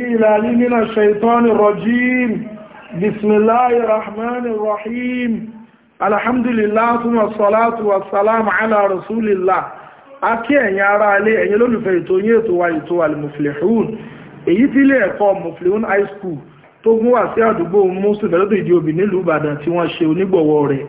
العلي من الشيطان الرجيم بسم الله الرحمن الرحيم الحمد لله ثم الصلاة والسلام على رسول الله akí ẹ̀yin ará ilé ẹ̀yin lólùfẹ́ ètò yín ètò wa ètò al-muflihun èyí tí ilé ẹ̀kọ́ muflihun high school tó gún wá sí àdúgbò mùsùlùmí lọ́dọ̀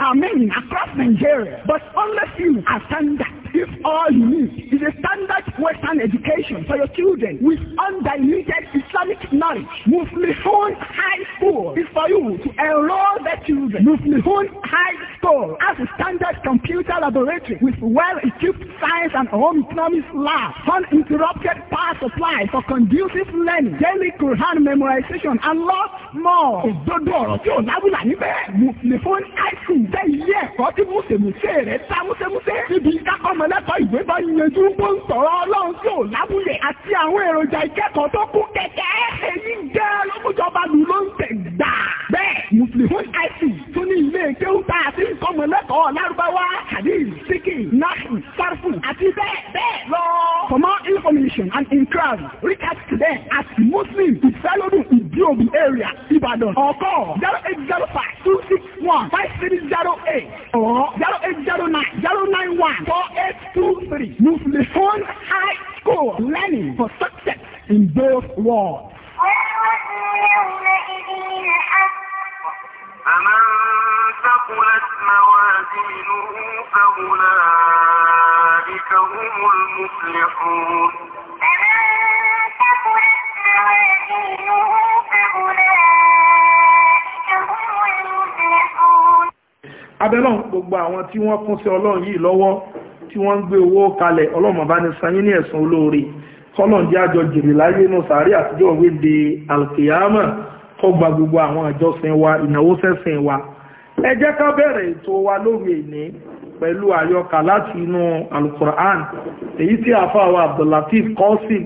are many across Nigeria, but unless you are standard. If all you need is a standard Western education for your children with undiluted Islamic knowledge, Muflihun High School is for you to enroll their children. Muflihun High School has a standard computer laboratory with well-equipped science and home economics lab, uninterrupted power supply for conducive learning, daily Quran memorization, and lots more. Òdodo ọ̀rọ̀ tí ò lábùlà níbẹ̀. Muflihun High School jẹ́ ilé ẹ̀kọ́ tí múṣèmúṣe rẹ̀ dá múṣẹ́múṣẹ́ níbi ìdákọ́mọlẹ́kọ̀ọ́ ìwé bá yanjú bó ń sọ̀rọ̀ ọlọ́run tí ò lábúlẹ̀ àti àwọn èròjà ìkẹ́kọ̀ọ́ tó kún kẹ̀kẹ́ èyí jẹ́ lọ́kùnjọba lù ló ń tẹ̀ gbà. bẹ́ẹ̀ mùsùlùmí àìsí tún ní ilé kéwúta àti ìkọ́mọlẹ́kọ̀ọ́ lárúbáwá hadith síkì náàfù sárfù àti bẹ́ẹ̀ bẹ́ẹ̀ lọ. for more information and inquiry reach out to them at muslim ìfẹ́lódùn ìdíòbí area ìbàdàn or call zero eight zero five two six one five three zero eight. or 0809 091 4823. High School. Learning for success in both worlds. فأولئك هم المفلحون abẹ́lọ́n gbogbo àwọn tí wọ́n kún sí ọlọ́run yìí lọ́wọ́ tí wọ́n ń gbé owó kalẹ̀ ọlọ́run bá ní san yín ní ẹ̀san olóore kọ́lọ̀n jẹ́ àjọ jèrè láyé inú sàárì àtijọ́ òwe de alkiyama kọ́ gba gbogbo àwọn àjọsìn wa ìnáwó sẹ́sìn wa ẹ jẹ́ ká bẹ̀rẹ̀ ètò wa lórí èní pẹ̀lú àyọkà láti inú alukur'an èyí tí àfáwà abdullatif kọ́sìn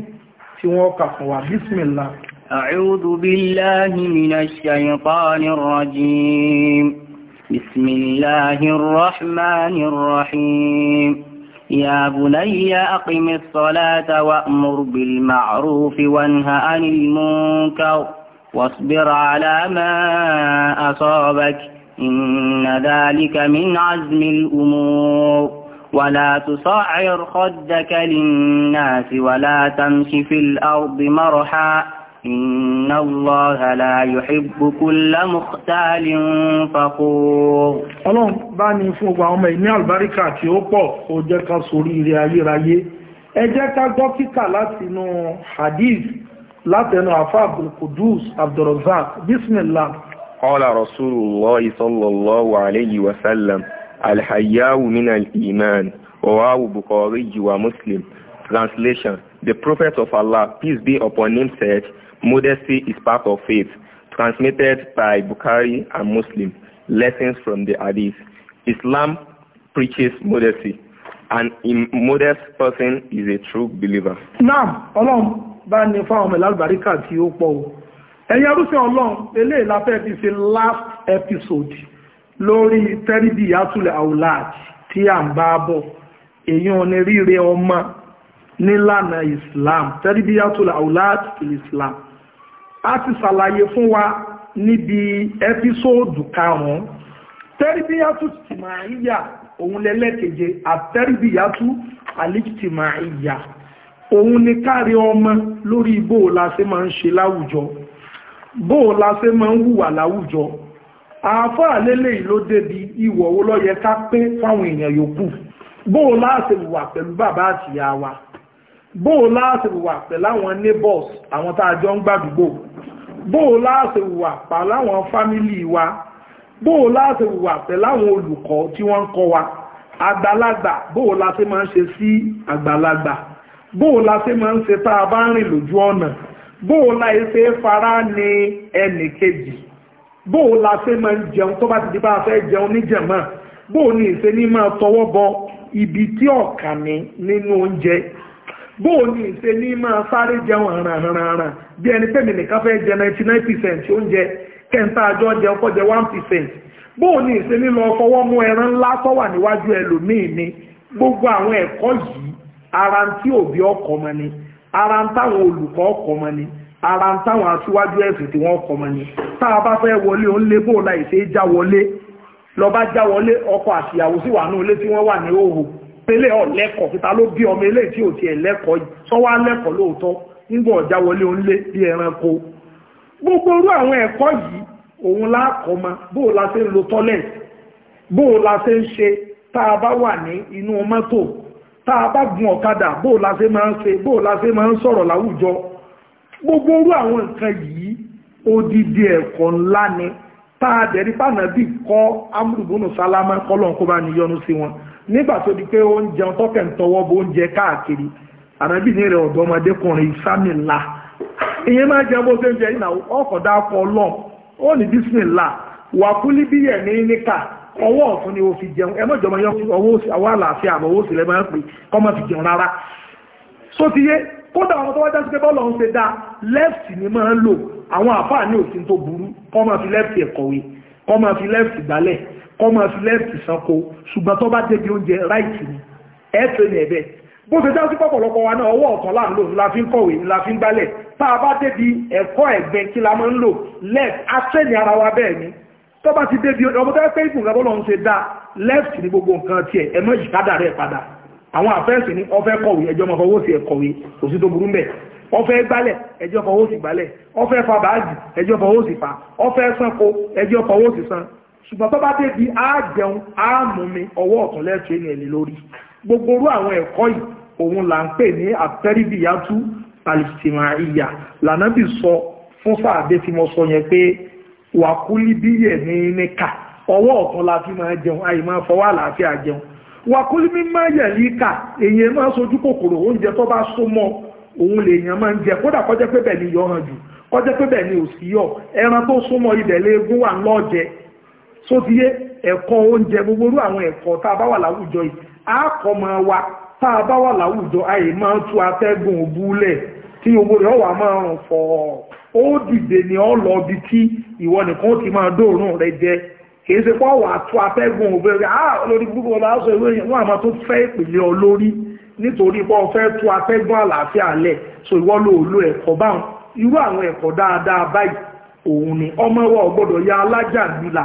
tí wọ́n kà fún wa bismillah. a'udhu billahi minash shaytanir rajim. بسم الله الرحمن الرحيم يا بني أقم الصلاة وأمر بالمعروف وانه عن المنكر واصبر على ما أصابك إن ذلك من عزم الأمور ولا تصعر خدك للناس ولا تمش في الأرض مرحا إن الله لا يحب كل مختال فخور Ọlọ́run bá ní fún ọgbà ọmọ ìní àlùbáríkà tí ó pọ̀ ó jẹ́ ká sórí ilé ayérayé ẹ jẹ́ ká gbọ́ kíkà láti inú hadith látẹnu àfá Abdulkudus Abdulrazak bismillah Qala Rasulullah sallallahu alayhi wa sallam alhayawu min al-iman rawahu Bukhari wa Muslim translation The Prophet of Allah, peace be upon him, said, Modesty is part of faith. Transmitted by Bukhari and Muslim. Lessons from the Hadith. Islam preaches modesty. and a modest person is a true believer. Naam, Ọlọ́run bá ní fáwọn ọmọ ìlàlùbáríkà tí ó pọ̀ o. Ẹ̀yin arúfin Ọlọ́run, eléyìí la fẹ́ ṣe last episode lórí tẹ́rìbì yàtúlẹ̀ àwùláàdì tí à ń bá bọ̀. Èyí ò ní ríre ọmọ nílànà islam tẹ́rìbíyàtúlà àwùláàtì fil islam a ti ṣàlàyé fún wa níbi ẹ́písòòdù karùn-ún tẹ́rìbíyàtú tìmáyà òun lẹ́lẹ́keje àtẹ́rìbíyàtú àlìtìmáyà òun ni kárí ọmọ lórí bóò la ṣe máa ń ṣe láwùjọ bóò la ṣe máa ń hùwà láwùjọ àáfàá lélẹ̀ yìí ló débi ìwọ̀ wo ló ká pé fáwọn èèyàn yòókù bóò láṣẹ wà pẹ̀lú bàbá àtìyá wa bóò láàṣẹ wà pẹ̀láwọn neighbors àwọn tá a jọ ń gbàdúgbò bóò láàṣẹ wà pẹ̀láwọn family wa bóò láàṣẹ wà pẹ̀láwọn olùkọ́ tí wọ́n ń kọ́ wa àgbàlagbà bóò la ṣe máa ń ṣe sí àgbàlagbà bóò la ṣe máa ń ṣe tá bá ń rìn lójú ọ̀nà bóò la ṣe fara ní ẹnì kejì bóò la ṣe máa ń jẹun tó bá ti di bá a fẹ́ jẹun níjàmá bóò ní ìṣe ní máa tọwọ́ bọ ibi tí ọ̀kà ní nínú oúnjẹ bóò ní ìṣe ní máa sáré jẹun àrànrànràn bí ẹni pé fẹ́ jẹ 99% oúnjẹ kẹta àjọ jẹ ọkọ jẹ 1% bóò ní ìṣe nílọ ọkọ̀wọ́ mú ẹran ńlá tó níwájú ẹlòmíì ni gbogbo àwọn ẹ̀kọ́ yìí ara ń tí òbí ni ara ń táwọn olùkọ́ ni ara ń táwọn aṣíwájú ẹ̀sìn tí mọ ni tá a bá fẹ́ wọlé lé bóò láì ṣe ọkọ àtìyàwó wà ní ilé pélé ọ̀ lẹ́kọ̀ọ́ fìta ló bí ọmọ eléyìí tí ò tiẹ̀ lẹ́kọ̀ọ́ yìí sọ́wọ́ alẹ́kọ̀ọ́ lóòótọ́ nígbà ọ̀já wọlé bí ẹranko gbogbo orú àwọn ẹ̀kọ́ yìí òun láàkọ́ ma bóò la ṣe ń lo toilet bóò la ṣe ń ṣe tá a bá wà ní inú mọ́tò tá a bá gun ọ̀kadà bóò la ṣe máa ń ṣe bóò la ṣe máa ń sọ̀rọ̀ láwùjọ gbogbo orú àwọn nǹkan yìí odidi ẹ̀kọ́ ńlá ni tá a dẹ̀rí pànàbí kọ́ amúrùbónú sálámà kọ́lọ́n bá ní yọnu sí wọn nígbà tó di pé ó ń jẹun tọ́kẹ̀ ń tọwọ́ bó oúnjẹ káàkiri ànábì ní rẹ̀ ọ̀dọ́mọdékùnrin sami ńlá ìyẹn máa jẹun bó ṣe ń jẹ ìnà ọkọ̀ dákọ̀ ọlọ́m ó ní bísímìlá wà kúlí bíyẹ̀ ní níkà ọwọ́ ọ̀tún ni ó fi jẹun ẹmọ́jọmọ yọ ọwọ́ àlàáfíà àmọ́ owó sílẹ̀ máa ń pè kọ́mọ́ fi jẹun àwọn tó wájá sí pé bọ́ọ̀lù ni máa ń lò àwọn àfáà ní òsín tó burú kọ́mọ̀ sí lẹ́ẹ̀tì sanko ṣùgbọ́n tó bá débi oúnjẹ ráìtì ni ẹ̀ẹ́tẹ̀ ní ẹ̀bẹ̀ bó ṣe dájú pọ̀pọ̀lọpọ̀ wa náà ọwọ́ ọ̀tọ̀ láà ń lò la fi ń kọ̀wé la fi ń gbálẹ̀ tá a bá débi ẹ̀kọ́ ẹ̀gbẹ́ kí la máa ń lò left atẹ́ ní ara wa bẹ́ẹ̀ ni tó bá ti débi ọmọ tó pé ìkùn ìgbàgbọ́ lọ́n ṣe dá left ní gbogbo nǹkan tiẹ̀ ẹ mọ́ ìṣìkádà rẹ̀ padà àwọn àfẹ́sì ní ọfẹ́ kọ̀wé ẹjọ́ ọmọ fọwọ́ sí ẹ̀kọ̀wé kò sí tó burú mẹ́ ọfẹ́ gbálẹ̀ ẹjọ́ fọwọ́ sí gbálẹ̀ ọfẹ́ fa báàgì ẹjọ́ fọwọ́ sí fa ọfẹ́ sanko ẹjọ́ fọwọ́ sí san ṣùgbọ́n tó bá dé bí á jẹun á mú mi ọwọ́ ọ̀tún lẹ́tọ̀ ènìyàn ní lórí gbogbo orú àwọn ẹ̀kọ́ yìí òun là ń pè ní àtẹ́rìbìyàtú palestiniya lànàbì sọ fún sáàdé tí mo sọ yẹn pé wàkúlí ní níkà ọwọ́ ọ̀tún la fi máa jẹun àyè máa fọwọ́ àlàáfíà jẹun wàkúlí mímọ́ yẹ̀ líkà èyàn máa sojú kòkòrò oúnjẹ tó bá so mọ́ òun lèèyàn máa ń jẹ kódà kọjá pé bẹ́ẹ̀ ni yọ̀ hàn jù kọjá pé bẹ́ẹ̀ ni òsì yọ̀ ẹran tó súnmọ́ ibẹ̀ léegun wà ńlọ́ọ̀jẹ́ sófiyé ẹ̀kọ́ oúnjẹ gbogbo irú àwọn ẹ̀kọ́ tá a bá wà láwùjọ yìí á kọ́ máa wa tá a bá wà láwùjọ àyè máa tú atẹ́gùn òbúlẹ̀ tí owó rẹ̀ wà máa rùn fọ̀ ó dìde ni ọ́ lọ bí tí ìwọ nìkan ti máa dóòrùn rẹ jẹ kìí ṣe pọ́ wà tú atẹ́gùn òbúlẹ̀ á lórí gbogbo ọ̀la aṣọ ìwé yẹn wọ́n àmọ́ tó fẹ́ ìpìlẹ̀ ọ lórí nítorí pọ́ fẹ́ tú atẹ́gùn àlàáfíà lẹ̀ so ìwọ ló lo ẹ̀kọ́ báwọn irú àwọn ẹ̀kọ́ dáadáa báyìí òun ni ọmọ wa ò ya alájà nílà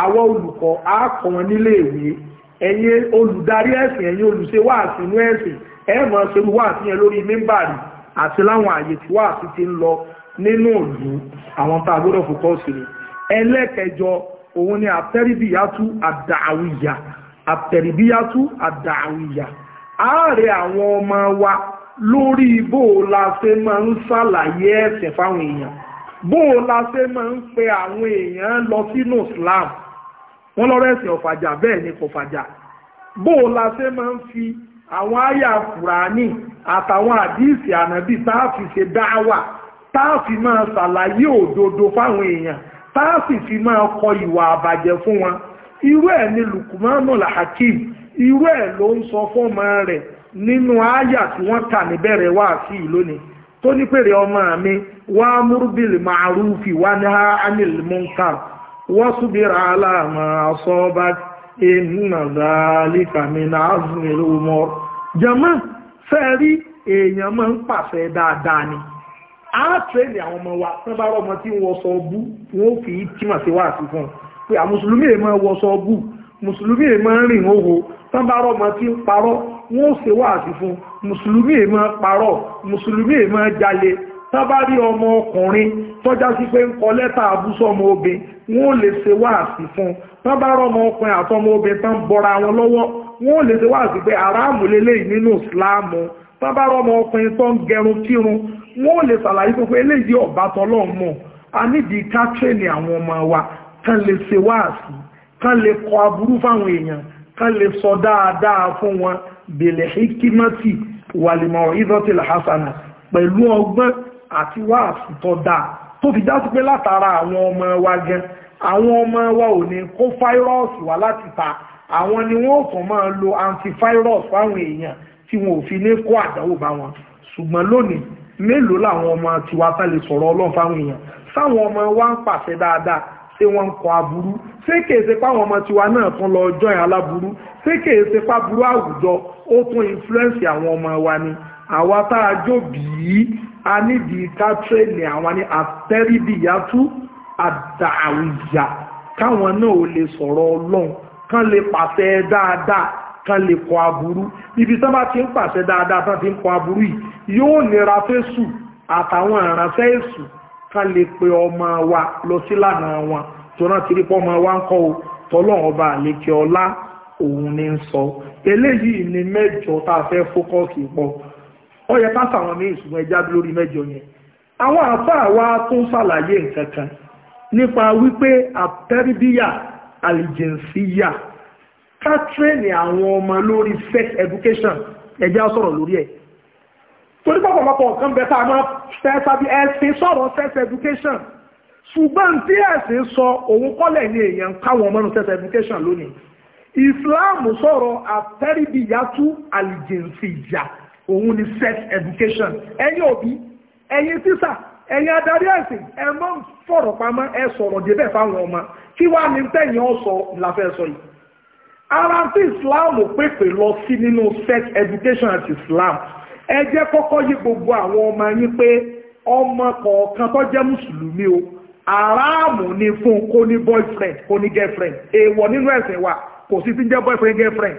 àwọn olùkọ́ á kọ́ wọn nílé ìwé ẹ̀yin olùdarí ẹ̀sìn ẹ̀yin olùṣe wáàsí inú ẹ̀sìn ẹ̀ mọ̀ ṣerú wáàsí yẹn lórí mímbàrì àti láwọn àyè tí wáàsí ti ń lọ nínú ìlú àwọn tá a gbọ́dọ̀ fòkọ́sì ni ẹlẹ́kẹjọ òun ni àtẹ́ríbíyàtú àdàwìyà àtẹ̀rìbíyàtú àdàwìyà ààrẹ àwọn ọmọ wa lórí bó la ṣe máa ń ṣàlàyé ẹ̀sìn fáwọn èèyàn bó la ṣe máa ń pe àwọn èèyàn lọ sínú Islam wọ́n lọrọ ẹ̀sìn ọ̀fàjà bẹ́ẹ̀ ni kò fàjà bó o la ṣe máa ń fi àwọn àyà fúrání àtàwọn àdíìsì ànábì ṣe dáwà tá máa ṣàlàyé òdodo fáwọn èèyàn fi kọ ìwà àbàjẹ́ fún wọn irú ẹ̀ ni lukumanu lahakim irú ẹ̀ ló ń sọ rẹ̀ nínú àyà tí wọ́n kà níbẹ̀rẹ̀ wá sí tó ní pèrè ọmọ mi wàá múrúbìlì màrúfì ha wasbir ala ma asabak inna dhalika min azmi al-umur jẹ́mọ́ fẹ́ rí èèyàn máa ń pàṣẹ dáadáa ni a tẹ̀lé àwọn ọmọ wa tán bá rọmọ tí wọ́n sọ bú wọn ò fi tímọ̀ sí wá sí fún un pé àwọn mùsùlùmí èèmọ̀ wọ́n sọ bú mùsùlùmí èèmọ̀ rìn òhò tán bá rọmọ tí ń parọ́ wọn ò wá sí fún un mùsùlùmí èèmọ̀ parọ́ mùsùlùmí èèmọ̀ jalè tábá rí ọmọ ọkùnrin tọ́já sí pé ń kọ lẹ́tà àbúsọ ọmọ obìn wọn ò lè ṣe wáàsí fún un tábá rọ ọmọ ọkùnrin àtọmọ obìn tán bọ́ra wọn lọ́wọ́ wọn ò lè ṣe wáàsí pé aráàmù lélẹ́yìn nínú ìsìláàmù tábá rọ ọmọ ọkùnrin tó ń gẹrun kírun wọn ò lè ṣàlàyé pé eléyìí ọ̀bá tọ́lọ́ mọ̀ a nídìí ká àwọn ọmọ wa kán lè ṣe wáàsí kán lè kọ aburú fáwọn èèyàn kán lè sọ dáadáa fún wọn bèlè hikimati wàlìmọ̀ ìdọ́tìlá hasana pẹ̀lú ọgbọ́n àti wáàsí tó dáa tó fi dá sí pé látara àwọn ọmọ wa gan àwọn ọmọ wa ò ní kó fáírọ́ọ̀sì wá láti ta àwọn ni wọ́n kàn máa lo antivirus fáwọn èèyàn tí wọn ò fi ní kó àdánwò bá wọn ṣùgbọ́n lónìí mélòó làwọn ọmọ tiwa tá lè sọ̀rọ̀ ọlọ́run fáwọn èèyàn sáwọn ọmọ wa ń pàṣẹ dáadáa ṣé wọ́n ń kọ aburú ṣé kèéṣe páwọn ọmọ tiwa náà tún lọ jọyìn aláburú ṣé kèéṣe páburú àwùjọ ó tún influence àwọn ọmọ wa ni àwa tá a jó bìí a nídìí ká tírèlì àwọn ní àtẹ́rìbìyàtú àdàwìyà káwọn náà ò lè sọ̀rọ̀ ọlọ́run kán lè pàṣẹ dáadáa kán lè kọ aburú ibi tán bá ti ń pàṣẹ dáadáa tán ti ń kọ aburú yìí yóò nira fésù àtàwọn ìránṣẹ́ èṣù kán lè pe ọmọ wa lọ sí lànà wọn tó náà ti rí pọ́ ọmọ wa ń kọ́ o tọ́lọ́run ọba àlékè ọlá òun ni ń sọ eléyìí ni mẹ́jọ tá a fẹ́ fókọ́ọ̀sì pọ̀ ó yẹ ká sàwọn míì ṣùgbọ́n ẹja lórí mẹ́jọ yẹn àwọn àfáà wa tún ṣàlàyé nǹkan kan nípa wípé àtẹ́rìbíyà àlìjẹ̀nsíyà ká tírẹ́nì àwọn ọmọ lórí sex education ẹja sọ̀rọ̀ lórí ẹ̀ torí pọ̀pọ̀lọpọ̀ nǹkan bẹ tá a máa fẹ́ sábí ẹ̀sìn sọ̀rọ̀ sex education ṣùgbọ́n tí ẹ̀sìn sọ òun kọ́lẹ̀ ní èèyàn káwọn ọmọ sex education lónìí Islam sọ̀rọ̀ àtẹ́rìbíyà tú àlìjẹ̀nsíyà òun ni sex education ẹ̀yin òbí ẹ̀yin tíṣà ẹ̀yin adarí ẹ̀sìn ẹ má fọ̀rọ̀ pamọ́ ẹ sọ̀rọ̀ débẹ̀ fáwọn ọmọ kí wàá ní tẹ̀yìn ọ̀sọ̀ làfẹ́ sọ yìí ara tí Islam pèpè lọ sí nínú sex education at Islam ẹ jẹ́ kọ́kọ́ yí gbogbo àwọn ọmọ yín pé ọmọ kọ̀ọ̀kan tó jẹ́ mùsùlùmí o aráàmù ni fún kó ní boyfriend kó ní girlfriend èèwọ̀ nínú ẹ̀sìn wa kò sí ti ń jẹ́ boyfriend girlfriend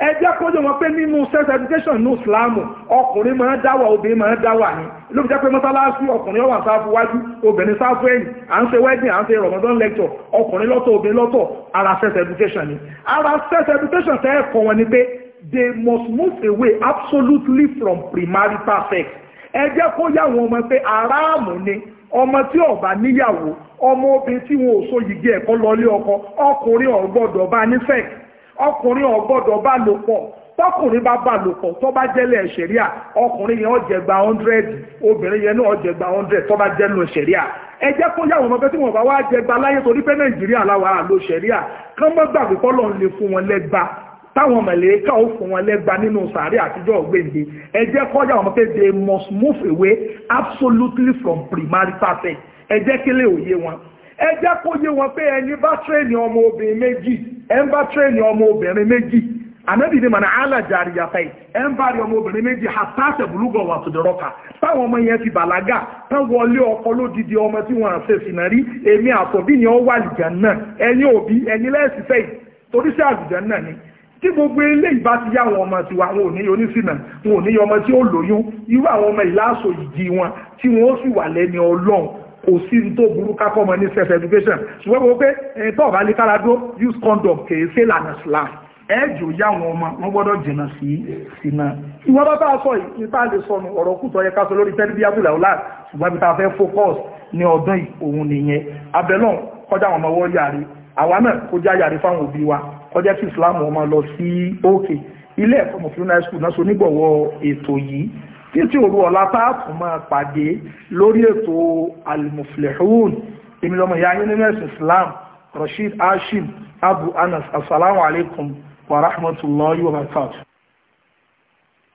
ẹjẹ́ kójú wọn pé nínú sex education ní ìsìláàmù ọkùnrin máa ń dáwà obìnrin máa ń dáwà ní ló fi jẹ́ pé mọ́sálásí ọkùnrin ọwà sáfù wájú obìnrin sáfù ẹ̀yìn à ń ṣe wedding à ń ṣe Ramadan lecture ọkùnrin lọ́tọ̀ obìnrin lọ́tọ̀ ara sex education ni ara sex education tẹ́ ẹ̀kọ́ wọn ni pé they must move away absolutely from primary perfect. ẹjẹ́ kó yà wọn ọmọ pé aráàmù ni ọmọ tí ó bá níyàwó ọmọ obìnrin tí wọn ò so yìgì ẹ̀kọ́ lọlé ọkọ ọkùnrin ò gbọ́dọ̀ bá ní sex ọkùnrin ò gbọ́dọ̀ bá lò pọ̀ tọkùnrin bá bá lò pọ̀ tó bá jẹ́lẹ̀ ṣẹ̀ríà ọkùnrin yẹn ó jẹ gba hundred obìnrin yẹn náà ó jẹ gba hundred tó bá jẹ́ lò ṣẹ̀ríà ẹ jẹ́ kó yàwọn ọmọ pé tí wọ́n bá wá jẹ láyé torí pé nàìjíríà láwa àlò ṣẹ̀ríà kán mọ́ gbàgbé pọ́lọ́ ń lè fún wọn lẹ́gba táwọn mẹ̀lẹ́kà ó fún wọn lẹ́gba nínú sàárẹ̀ àtijọ́ ọ̀gbẹ́ǹde ẹ kó yàwọn ọmọ pé they must move away absolutely from primary sex ẹ jẹ́ kílẹ̀ òye wọn ẹ jẹ́ kó yé wọn pé ẹni bá tírẹ̀nì ọmọ obìnrin méjì ẹnbá tírẹ̀nì ọmọ obìnrin méjì ànábì ni màná alájàrí yàtọ̀ yìí ẹnbá rí ọmọ obìnrin méjì àtàṣẹ bùlúgọ̀ wà tó dọ̀rọ̀kà táwọn ọmọ yẹn ti bàlágà táwọn ọlé ọkọ lódìdí ọmọ tí wọn àṣẹ sìnà rí èmi àtọ̀bí ni ó wà lìjà náà ẹ̀yin òbí ẹ̀yin lẹ́ẹ̀sìfẹ́ yìí torí sí àlùjá náà ni tí gbogbo ilé ìbá ti yá àwọn ọmọ tiwa wọn ò ní onísìnà wọn ò ní ọmọ tí ó lóyún irú àwọn ọmọ ìlàsọ ìdí wọn tí wọn ó sì wà lẹ́ni ọlọ́run kò sí tó burú kákọ́ mọ́ ní self education ṣùgbọ́n gbogbo pé ẹni tó ọ̀bá lè dó use condom kèé sí lànà slav ẹjọ́ yá wọn ọmọ wọn gbọ́dọ̀ jìnà sí sínà ìwọ́n bá bá sọ ìpá lè sọnù ọ̀rọ̀ kùtọ̀ yẹ ká sọ lórí tẹ́lifíàbùlà ọ̀la ṣùgbọ́n bí ta fẹ́ focus ní ọdún òun nìyẹn abẹ́lọ́n kọjá àwọn ọmọ wọ́n yàrí àwa náà kọjá yàrí fáwọn òbí wa kọjá tí Islam ọmọ lọ sí òkè ilé ẹ̀kọ́ mọ̀fíúnà school náà so nígbọ̀wọ́ ètò yìí títí òru ọ̀la táàtù máa pàdé lórí ètò al-muflihun èmi lọ́mọ ìyá yín nínú ẹ̀sìn islam rashid hashim abu anas assalamu alaikum wa rahmatullahi wa barakatuh